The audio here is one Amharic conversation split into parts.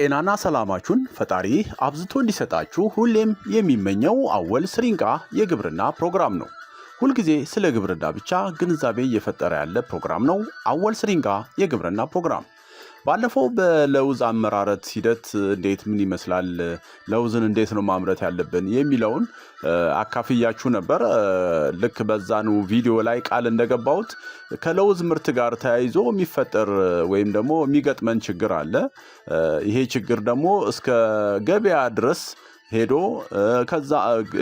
ጤናና ሰላማችሁን ፈጣሪ አብዝቶ እንዲሰጣችሁ ሁሌም የሚመኘው አወል ስሪንቃ የግብርና ፕሮግራም ነው። ሁልጊዜ ስለ ግብርና ብቻ ግንዛቤ እየፈጠረ ያለ ፕሮግራም ነው። አወል ስሪንቃ የግብርና ፕሮግራም ባለፈው በለውዝ አመራረት ሂደት እንዴት ምን ይመስላል፣ ለውዝን እንዴት ነው ማምረት ያለብን የሚለውን አካፍያችሁ ነበር። ልክ በዛኑ ቪዲዮ ላይ ቃል እንደገባሁት ከለውዝ ምርት ጋር ተያይዞ የሚፈጠር ወይም ደግሞ የሚገጥመን ችግር አለ። ይሄ ችግር ደግሞ እስከ ገበያ ድረስ ሄዶ ከዛ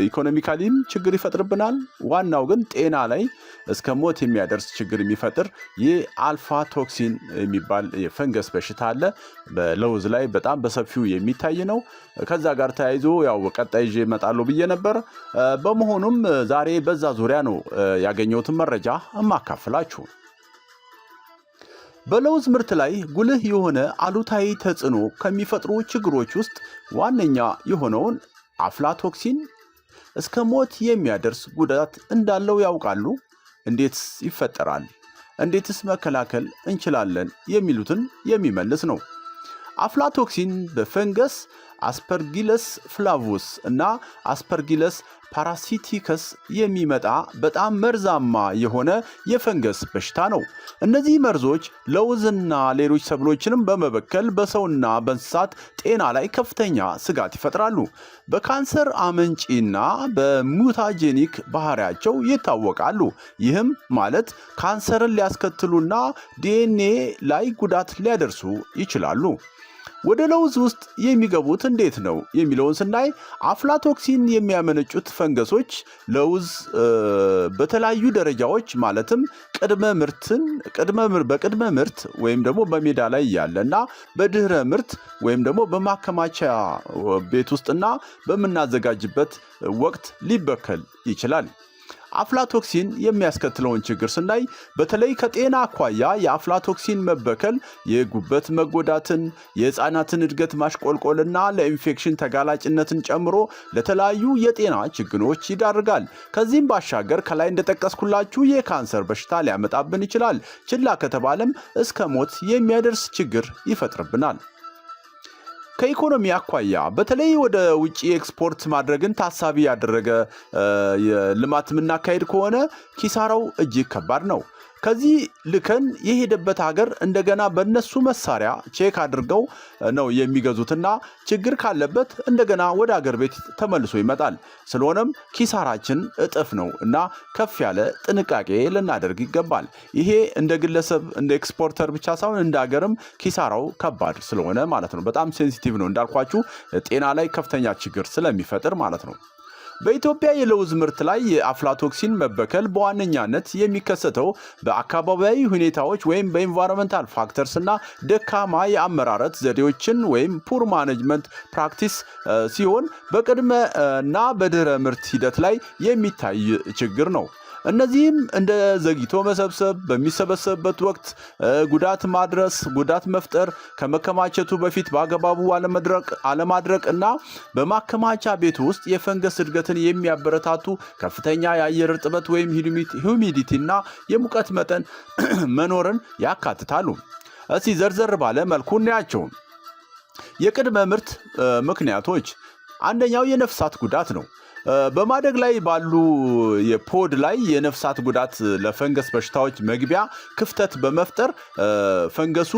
ኢኮኖሚካሊም ችግር ይፈጥርብናል። ዋናው ግን ጤና ላይ እስከ ሞት የሚያደርስ ችግር የሚፈጥር ይህ አልፋ ቶክሲን የሚባል የፈንገስ በሽታ አለ። በለውዝ ላይ በጣም በሰፊው የሚታይ ነው። ከዛ ጋር ተያይዞ ያው ቀጣይ ይዤ እመጣለሁ ብዬ ነበር። በመሆኑም ዛሬ በዛ ዙሪያ ነው ያገኘሁትን መረጃ እማካፍላችሁ። በለውዝ ምርት ላይ ጉልህ የሆነ አሉታዊ ተጽዕኖ ከሚፈጥሩ ችግሮች ውስጥ ዋነኛ የሆነውን አፍላቶክሲን እስከ ሞት የሚያደርስ ጉዳት እንዳለው ያውቃሉ? እንዴትስ ይፈጠራል? እንዴትስ መከላከል እንችላለን? የሚሉትን የሚመልስ ነው። አፍላቶክሲን በፈንገስ አስፐርጊለስ ፍላቮስ እና አስፐርጊለስ ፓራሲቲከስ የሚመጣ በጣም መርዛማ የሆነ የፈንገስ በሽታ ነው። እነዚህ መርዞች ለውዝና ሌሎች ሰብሎችንም በመበከል በሰውና በእንስሳት ጤና ላይ ከፍተኛ ስጋት ይፈጥራሉ። በካንሰር አመንጪና በሙታጄኒክ ባህሪያቸው ይታወቃሉ። ይህም ማለት ካንሰርን ሊያስከትሉና ዲኤንኤ ላይ ጉዳት ሊያደርሱ ይችላሉ። ወደ ለውዝ ውስጥ የሚገቡት እንዴት ነው የሚለውን ስናይ አፍላቶክሲን የሚያመነጩት ፈንገሶች ለውዝ በተለያዩ ደረጃዎች ማለትም ቅድመ ምርትን በቅድመ ምርት ወይም ደግሞ በሜዳ ላይ ያለ እና በድህረ ምርት ወይም ደግሞ በማከማቻ ቤት ውስጥና በምናዘጋጅበት ወቅት ሊበከል ይችላል። አፍላቶክሲን የሚያስከትለውን ችግር ስናይ በተለይ ከጤና አኳያ የአፍላቶክሲን መበከል የጉበት መጎዳትን፣ የህፃናትን እድገት ማሽቆልቆልና ለኢንፌክሽን ተጋላጭነትን ጨምሮ ለተለያዩ የጤና ችግሮች ይዳርጋል። ከዚህም ባሻገር ከላይ እንደጠቀስኩላችሁ የካንሰር በሽታ ሊያመጣብን ይችላል። ችላ ከተባለም እስከ ሞት የሚያደርስ ችግር ይፈጥርብናል። ከኢኮኖሚ አኳያ በተለይ ወደ ውጭ ኤክስፖርት ማድረግን ታሳቢ ያደረገ ልማት የምናካሄድ ከሆነ ኪሳራው እጅግ ከባድ ነው። ከዚህ ልከን የሄደበት ሀገር እንደገና በእነሱ መሳሪያ ቼክ አድርገው ነው የሚገዙትና ችግር ካለበት እንደገና ወደ አገር ቤት ተመልሶ ይመጣል። ስለሆነም ኪሳራችን እጥፍ ነው እና ከፍ ያለ ጥንቃቄ ልናደርግ ይገባል። ይሄ እንደ ግለሰብ እንደ ኤክስፖርተር ብቻ ሳይሆን እንደ ሀገርም ኪሳራው ከባድ ስለሆነ ማለት ነው። በጣም ሴንሲቲቭ ነው እንዳልኳችሁ ጤና ላይ ከፍተኛ ችግር ስለሚፈጥር ማለት ነው። በኢትዮጵያ የለውዝ ምርት ላይ የአፍላቶክሲን መበከል በዋነኛነት የሚከሰተው በአካባቢያዊ ሁኔታዎች ወይም በኢንቫይሮንመንታል ፋክተርስ እና ደካማ የአመራረት ዘዴዎችን ወይም ፑር ማኔጅመንት ፕራክቲስ ሲሆን በቅድመ እና በድህረ ምርት ሂደት ላይ የሚታይ ችግር ነው። እነዚህም እንደ ዘግይቶ መሰብሰብ፣ በሚሰበሰብበት ወቅት ጉዳት ማድረስ፣ ጉዳት መፍጠር፣ ከመከማቸቱ በፊት በአግባቡ አለማድረቅ እና በማከማቻ ቤት ውስጥ የፈንገስ እድገትን የሚያበረታቱ ከፍተኛ የአየር እርጥበት ወይም ሂዩሚዲቲ እና የሙቀት መጠን መኖርን ያካትታሉ። እስቲ ዘርዘር ባለ መልኩ እናያቸው። የቅድመ ምርት ምክንያቶች አንደኛው የነፍሳት ጉዳት ነው። በማደግ ላይ ባሉ የፖድ ላይ የነፍሳት ጉዳት ለፈንገስ በሽታዎች መግቢያ ክፍተት በመፍጠር ፈንገሱ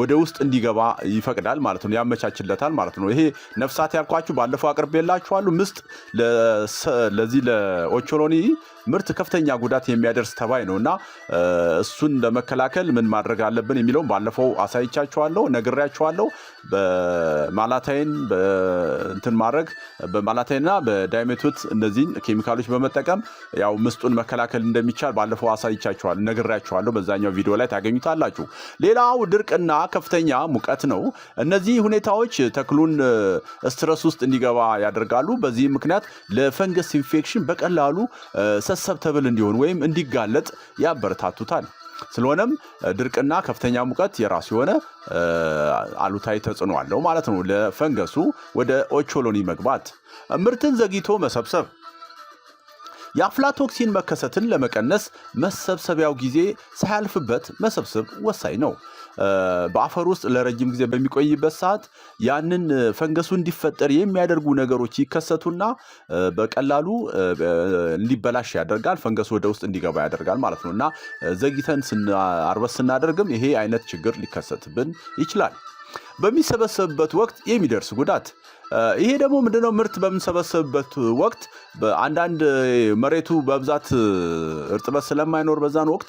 ወደ ውስጥ እንዲገባ ይፈቅዳል ማለት ነው፣ ያመቻችለታል ማለት ነው። ይሄ ነፍሳት ያልኳችሁ ባለፈው አቅርቤላችኋለሁ። ምስጥ ለዚህ ለኦቾሎኒ ምርት ከፍተኛ ጉዳት የሚያደርስ ተባይ ነው እና እሱን ለመከላከል ምን ማድረግ አለብን የሚለውም ባለፈው አሳይቻችኋለሁ፣ ነግሬያችኋለሁ። በማላታይን በእንትን ማድረግ በማላታይንና በዳይሜ በትት እነዚህን ኬሚካሎች በመጠቀም ያው ምስጡን መከላከል እንደሚቻል ባለፈው አሳይቻችኋለሁ፣ ነግራችኋለሁ። በዛኛው ቪዲዮ ላይ ታገኙታላችሁ። ሌላው ድርቅና ከፍተኛ ሙቀት ነው። እነዚህ ሁኔታዎች ተክሉን ስትረስ ውስጥ እንዲገባ ያደርጋሉ። በዚህ ምክንያት ለፈንገስ ኢንፌክሽን በቀላሉ ሰሰብተብል እንዲሆን ወይም እንዲጋለጥ ያበረታቱታል። ስለሆነም ድርቅና ከፍተኛ ሙቀት የራሱ የሆነ አሉታዊ ተጽዕኖ አለው ማለት ነው። ለፈንገሱ ወደ ኦቾሎኒ መግባት፣ ምርትን ዘግይቶ መሰብሰብ የአፍላቶክሲን መከሰትን ለመቀነስ መሰብሰቢያው ጊዜ ሳያልፍበት መሰብሰብ ወሳኝ ነው። በአፈር ውስጥ ለረጅም ጊዜ በሚቆይበት ሰዓት ያንን ፈንገሱ እንዲፈጠር የሚያደርጉ ነገሮች ይከሰቱና በቀላሉ እንዲበላሽ ያደርጋል። ፈንገሱ ወደ ውስጥ እንዲገባ ያደርጋል ማለት ነው እና ዘግይተን አርበስ ስናደርግም ይሄ አይነት ችግር ሊከሰትብን ይችላል። በሚሰበሰብበት ወቅት የሚደርስ ጉዳት ይሄ ደግሞ ምንድነው? ምርት በምንሰበሰብበት ወቅት አንዳንድ መሬቱ በብዛት እርጥበት ስለማይኖር በዛን ወቅት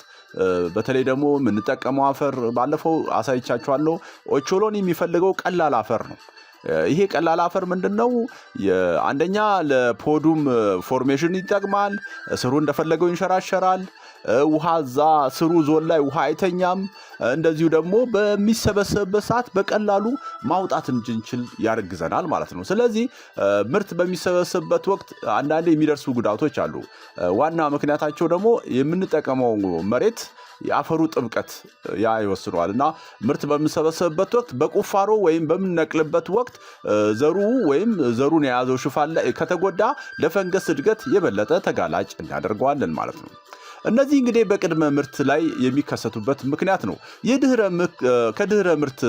በተለይ ደግሞ የምንጠቀመው አፈር ባለፈው አሳይቻችኋለሁ። ኦቾሎኒ የሚፈልገው ቀላል አፈር ነው። ይሄ ቀላል አፈር ምንድን ነው? አንደኛ ለፖዱም ፎርሜሽን ይጠቅማል። ስሩ እንደፈለገው ይንሸራሸራል። ውሃ እዛ ስሩ ዞን ላይ ውሃ አይተኛም። እንደዚሁ ደግሞ በሚሰበሰብበት ሰዓት በቀላሉ ማውጣት እንድንችል ያደርግዘናል ማለት ነው። ስለዚህ ምርት በሚሰበሰብበት ወቅት አንዳንዴ የሚደርሱ ጉዳቶች አሉ። ዋና ምክንያታቸው ደግሞ የምንጠቀመው መሬት የአፈሩ ጥብቀት ያ ይወስነዋል እና ምርት በምንሰበሰብበት ወቅት በቁፋሮ ወይም በምንነቅልበት ወቅት ዘሩ ወይም ዘሩን የያዘው ሽፋን ላይ ከተጎዳ ለፈንገስ እድገት የበለጠ ተጋላጭ እናደርገዋለን ማለት ነው። እነዚህ እንግዲህ በቅድመ ምርት ላይ የሚከሰቱበት ምክንያት ነው። ከድህረ ምርት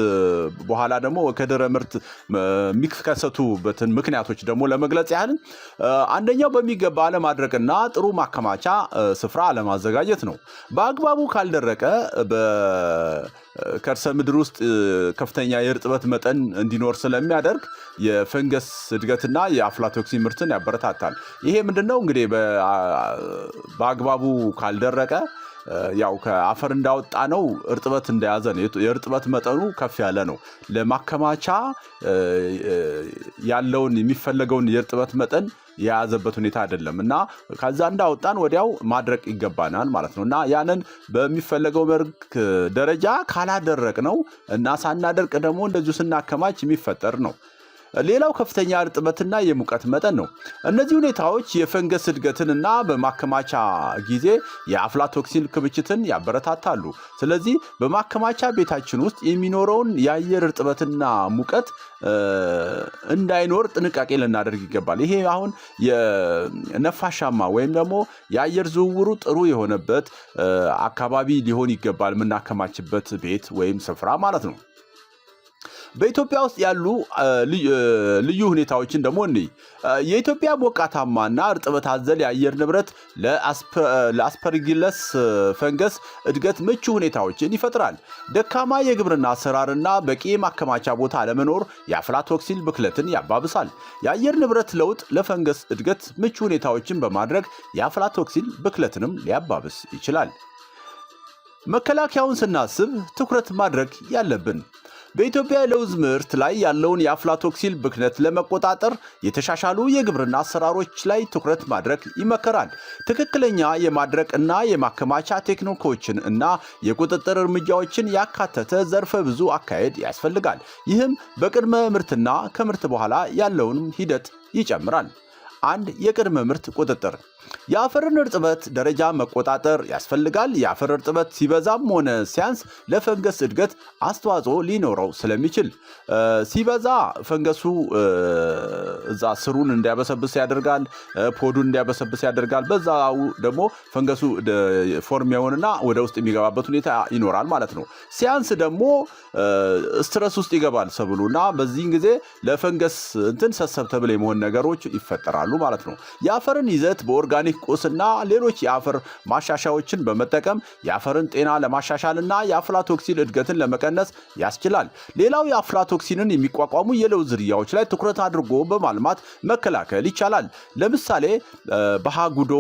በኋላ ደግሞ ከድህረ ምርት የሚከሰቱበትን ምክንያቶች ደግሞ ለመግለጽ ያህል አንደኛው በሚገባ አለማድረቅና ጥሩ ማከማቻ ስፍራ አለማዘጋጀት ነው። በአግባቡ ካልደረቀ ከርሰ ምድር ውስጥ ከፍተኛ የእርጥበት መጠን እንዲኖር ስለሚያደርግ የፈንገስ እድገትና የአፍላቶክሲን ምርትን ያበረታታል። ይሄ ምንድን ነው እንግዲህ በአግባቡ ካልደረቀ ያው ከአፈር እንዳወጣ ነው እርጥበት እንደያዘ ነው። የእርጥበት መጠኑ ከፍ ያለ ነው። ለማከማቻ ያለውን የሚፈለገውን የእርጥበት መጠን የያዘበት ሁኔታ አይደለም እና ከዛ እንዳወጣን ወዲያው ማድረቅ ይገባናል ማለት ነው እና ያንን በሚፈለገው መልክ ደረጃ ካላደረቅ ነው እና ሳናደርቅ ደግሞ እንደዚሁ ስናከማች የሚፈጠር ነው ሌላው ከፍተኛ እርጥበትና የሙቀት መጠን ነው። እነዚህ ሁኔታዎች የፈንገስ እድገትንና በማከማቻ ጊዜ የአፍላቶክሲን ክምችትን ያበረታታሉ። ስለዚህ በማከማቻ ቤታችን ውስጥ የሚኖረውን የአየር እርጥበትና ሙቀት እንዳይኖር ጥንቃቄ ልናደርግ ይገባል። ይሄ አሁን የነፋሻማ ወይም ደግሞ የአየር ዝውውሩ ጥሩ የሆነበት አካባቢ ሊሆን ይገባል፣ የምናከማችበት ቤት ወይም ስፍራ ማለት ነው። በኢትዮጵያ ውስጥ ያሉ ልዩ ሁኔታዎችን ደግሞ እኒ የኢትዮጵያ ሞቃታማና እርጥበት አዘል የአየር ንብረት ለአስፐርጊለስ ፈንገስ እድገት ምቹ ሁኔታዎችን ይፈጥራል። ደካማ የግብርና አሰራርና በቂ ማከማቻ ቦታ አለመኖር የአፍላቶክሲን ብክለትን ያባብሳል። የአየር ንብረት ለውጥ ለፈንገስ እድገት ምቹ ሁኔታዎችን በማድረግ የአፍላቶክሲን ብክለትንም ሊያባብስ ይችላል። መከላከያውን ስናስብ ትኩረት ማድረግ ያለብን በኢትዮጵያ የለውዝ ምርት ላይ ያለውን የአፍላቶክሲል ብክነት ለመቆጣጠር የተሻሻሉ የግብርና አሰራሮች ላይ ትኩረት ማድረግ ይመከራል። ትክክለኛ የማድረቅ እና የማከማቻ ቴክኒኮችን እና የቁጥጥር እርምጃዎችን ያካተተ ዘርፈ ብዙ አካሄድ ያስፈልጋል። ይህም በቅድመ ምርትና ከምርት በኋላ ያለውን ሂደት ይጨምራል። አንድ የቅድመ ምርት ቁጥጥር የአፈርን እርጥበት ደረጃ መቆጣጠር ያስፈልጋል። የአፈር እርጥበት ሲበዛም ሆነ ሲያንስ ለፈንገስ እድገት አስተዋጽኦ ሊኖረው ስለሚችል ሲበዛ ፈንገሱ እዛ ስሩን እንዲያበሰብስ ያደርጋል፣ ፖዱን እንዲያበሰብስ ያደርጋል። በዛው ደግሞ ፈንገሱ ፎርም የሆንና ወደ ውስጥ የሚገባበት ሁኔታ ይኖራል ማለት ነው። ሲያንስ ደግሞ ስትረስ ውስጥ ይገባል ሰብሉ እና በዚህን ጊዜ ለፈንገስ እንትን ተብለ የመሆን ነገሮች ይፈጠራሉ ማለት ነው። የአፈርን ይዘት በኦርጋ ኦርጋኒክ ቁስና ሌሎች የአፈር ማሻሻዎችን በመጠቀም የአፈርን ጤና ለማሻሻልና የአፍላቶክሲን እድገትን ለመቀነስ ያስችላል። ሌላው የአፍላቶክሲንን የሚቋቋሙ የለውዝ ዝርያዎች ላይ ትኩረት አድርጎ በማልማት መከላከል ይቻላል። ለምሳሌ በሃጉዶ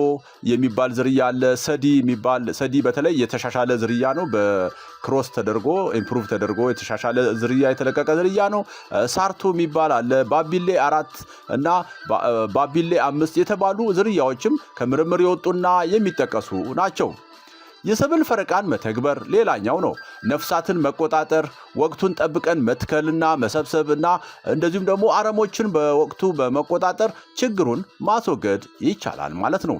የሚባል ዝርያ አለ። ሰዲ የሚባል ሰዲ በተለይ የተሻሻለ ዝርያ ነው። ክሮስ ተደርጎ ኢምፕሩቭ ተደርጎ የተሻሻለ ዝርያ የተለቀቀ ዝርያ ነው። ሳርቱ የሚባል አለ። ባቢሌ አራት እና ባቢሌ አምስት የተባሉ ዝርያዎችም ከምርምር የወጡና የሚጠቀሱ ናቸው። የሰብል ፈረቃን መተግበር ሌላኛው ነው። ነፍሳትን መቆጣጠር፣ ወቅቱን ጠብቀን መትከልና መሰብሰብ እንደዚሁም ደግሞ አረሞችን በወቅቱ በመቆጣጠር ችግሩን ማስወገድ ይቻላል ማለት ነው።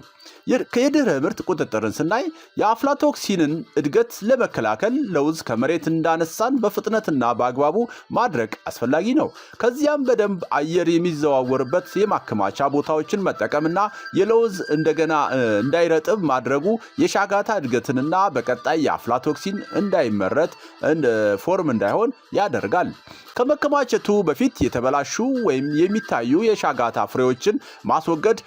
የድህረ ምርት ቁጥጥርን ስናይ የአፍላቶክሲንን እድገት ለመከላከል ለውዝ ከመሬት እንዳነሳን በፍጥነትና በአግባቡ ማድረግ አስፈላጊ ነው። ከዚያም በደንብ አየር የሚዘዋወርበት የማከማቻ ቦታዎችን መጠቀምና የለውዝ እንደገና እንዳይረጥብ ማድረጉ የሻጋታ እድገትንና በቀጣይ የአፍላቶክሲን እንዳይመር እንዲመረት ፎርም እንዳይሆን ያደርጋል። ከመከማቸቱ በፊት የተበላሹ ወይም የሚታዩ የሻጋታ ፍሬዎችን ማስወገድ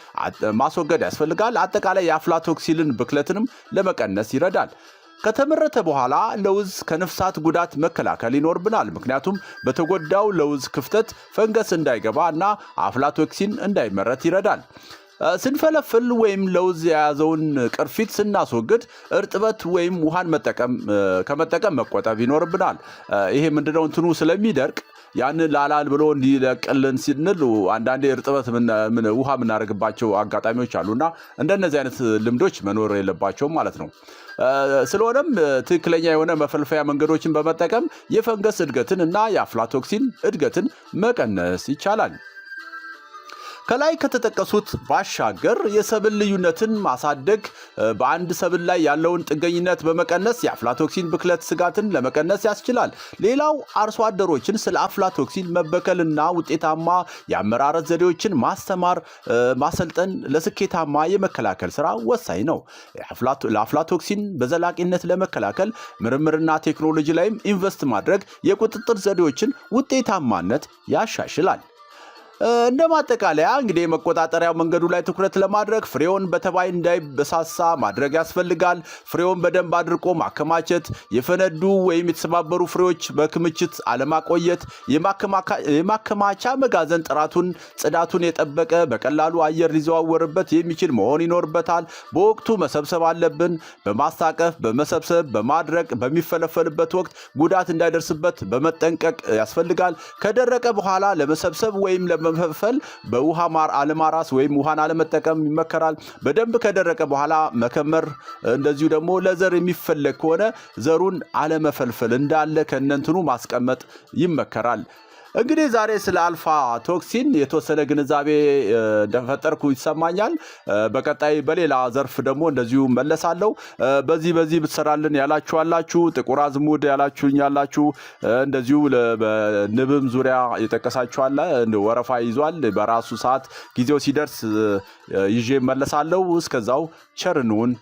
ማስወገድ ያስፈልጋል። አጠቃላይ የአፍላቶክሲልን ብክለትንም ለመቀነስ ይረዳል። ከተመረተ በኋላ ለውዝ ከነፍሳት ጉዳት መከላከል ይኖርብናል። ምክንያቱም በተጎዳው ለውዝ ክፍተት ፈንገስ እንዳይገባ እና አፍላቶክሲን እንዳይመረት ይረዳል። ስንፈለፍል ወይም ለውዝ የያዘውን ቅርፊት ስናስወግድ እርጥበት ወይም ውሃን ከመጠቀም መቆጠብ ይኖርብናል። ይሄ ምንድነው እንትኑ ስለሚደርቅ ያንን ላላል ብሎ እንዲለቅልን ስንል አንዳንዴ እርጥበት ውሃ የምናደርግባቸው አጋጣሚዎች አሉና እንደነዚህ አይነት ልምዶች መኖር የለባቸውም ማለት ነው። ስለሆነም ትክክለኛ የሆነ መፈልፈያ መንገዶችን በመጠቀም የፈንገስ እድገትን እና የአፍላቶክሲን እድገትን መቀነስ ይቻላል። ከላይ ከተጠቀሱት ባሻገር የሰብል ልዩነትን ማሳደግ በአንድ ሰብል ላይ ያለውን ጥገኝነት በመቀነስ የአፍላቶክሲን ብክለት ስጋትን ለመቀነስ ያስችላል። ሌላው አርሶ አደሮችን ስለ አፍላቶክሲን መበከልና ውጤታማ የአመራረት ዘዴዎችን ማስተማር፣ ማሰልጠን ለስኬታማ የመከላከል ስራ ወሳኝ ነው። ለአፍላቶክሲን በዘላቂነት ለመከላከል ምርምርና ቴክኖሎጂ ላይም ኢንቨስት ማድረግ የቁጥጥር ዘዴዎችን ውጤታማነት ያሻሽላል። እንደ ማጠቃለያ እንግዲህ የመቆጣጠሪያ መንገዱ ላይ ትኩረት ለማድረግ ፍሬውን በተባይ እንዳይበሳሳ ማድረግ ያስፈልጋል። ፍሬውን በደንብ አድርቆ ማከማቸት፣ የፈነዱ ወይም የተሰባበሩ ፍሬዎች በክምችት አለማቆየት፣ የማከማቻ መጋዘን ጥራቱን፣ ጽዳቱን የጠበቀ በቀላሉ አየር ሊዘዋወርበት የሚችል መሆን ይኖርበታል። በወቅቱ መሰብሰብ አለብን። በማስታቀፍ በመሰብሰብ በማድረቅ በሚፈለፈልበት ወቅት ጉዳት እንዳይደርስበት በመጠንቀቅ ያስፈልጋል። ከደረቀ በኋላ ለመሰብሰብ ወይም በመፈልፈል በውሃ ማር አለማራስ ወይም ውሃን አለመጠቀም ይመከራል። በደንብ ከደረቀ በኋላ መከመር፣ እንደዚሁ ደግሞ ለዘር የሚፈለግ ከሆነ ዘሩን አለመፈልፈል እንዳለ ከነንትኑ ማስቀመጥ ይመከራል። እንግዲህ ዛሬ ስለ አልፋ ቶክሲን የተወሰነ ግንዛቤ እንደፈጠርኩ ይሰማኛል። በቀጣይ በሌላ ዘርፍ ደግሞ እንደዚሁ መለሳለሁ። በዚህ በዚህ ብትሰራልን ያላችሁ አላችሁ፣ ጥቁር አዝሙድ ያላችሁኝ ያላችሁ፣ እንደዚሁ በንብም ዙሪያ የጠቀሳችኋለ ወረፋ ይዟል። በራሱ ሰዓት ጊዜው ሲደርስ ይዤ መለሳለሁ። እስከዛው ቸርንውን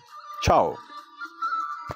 ቻው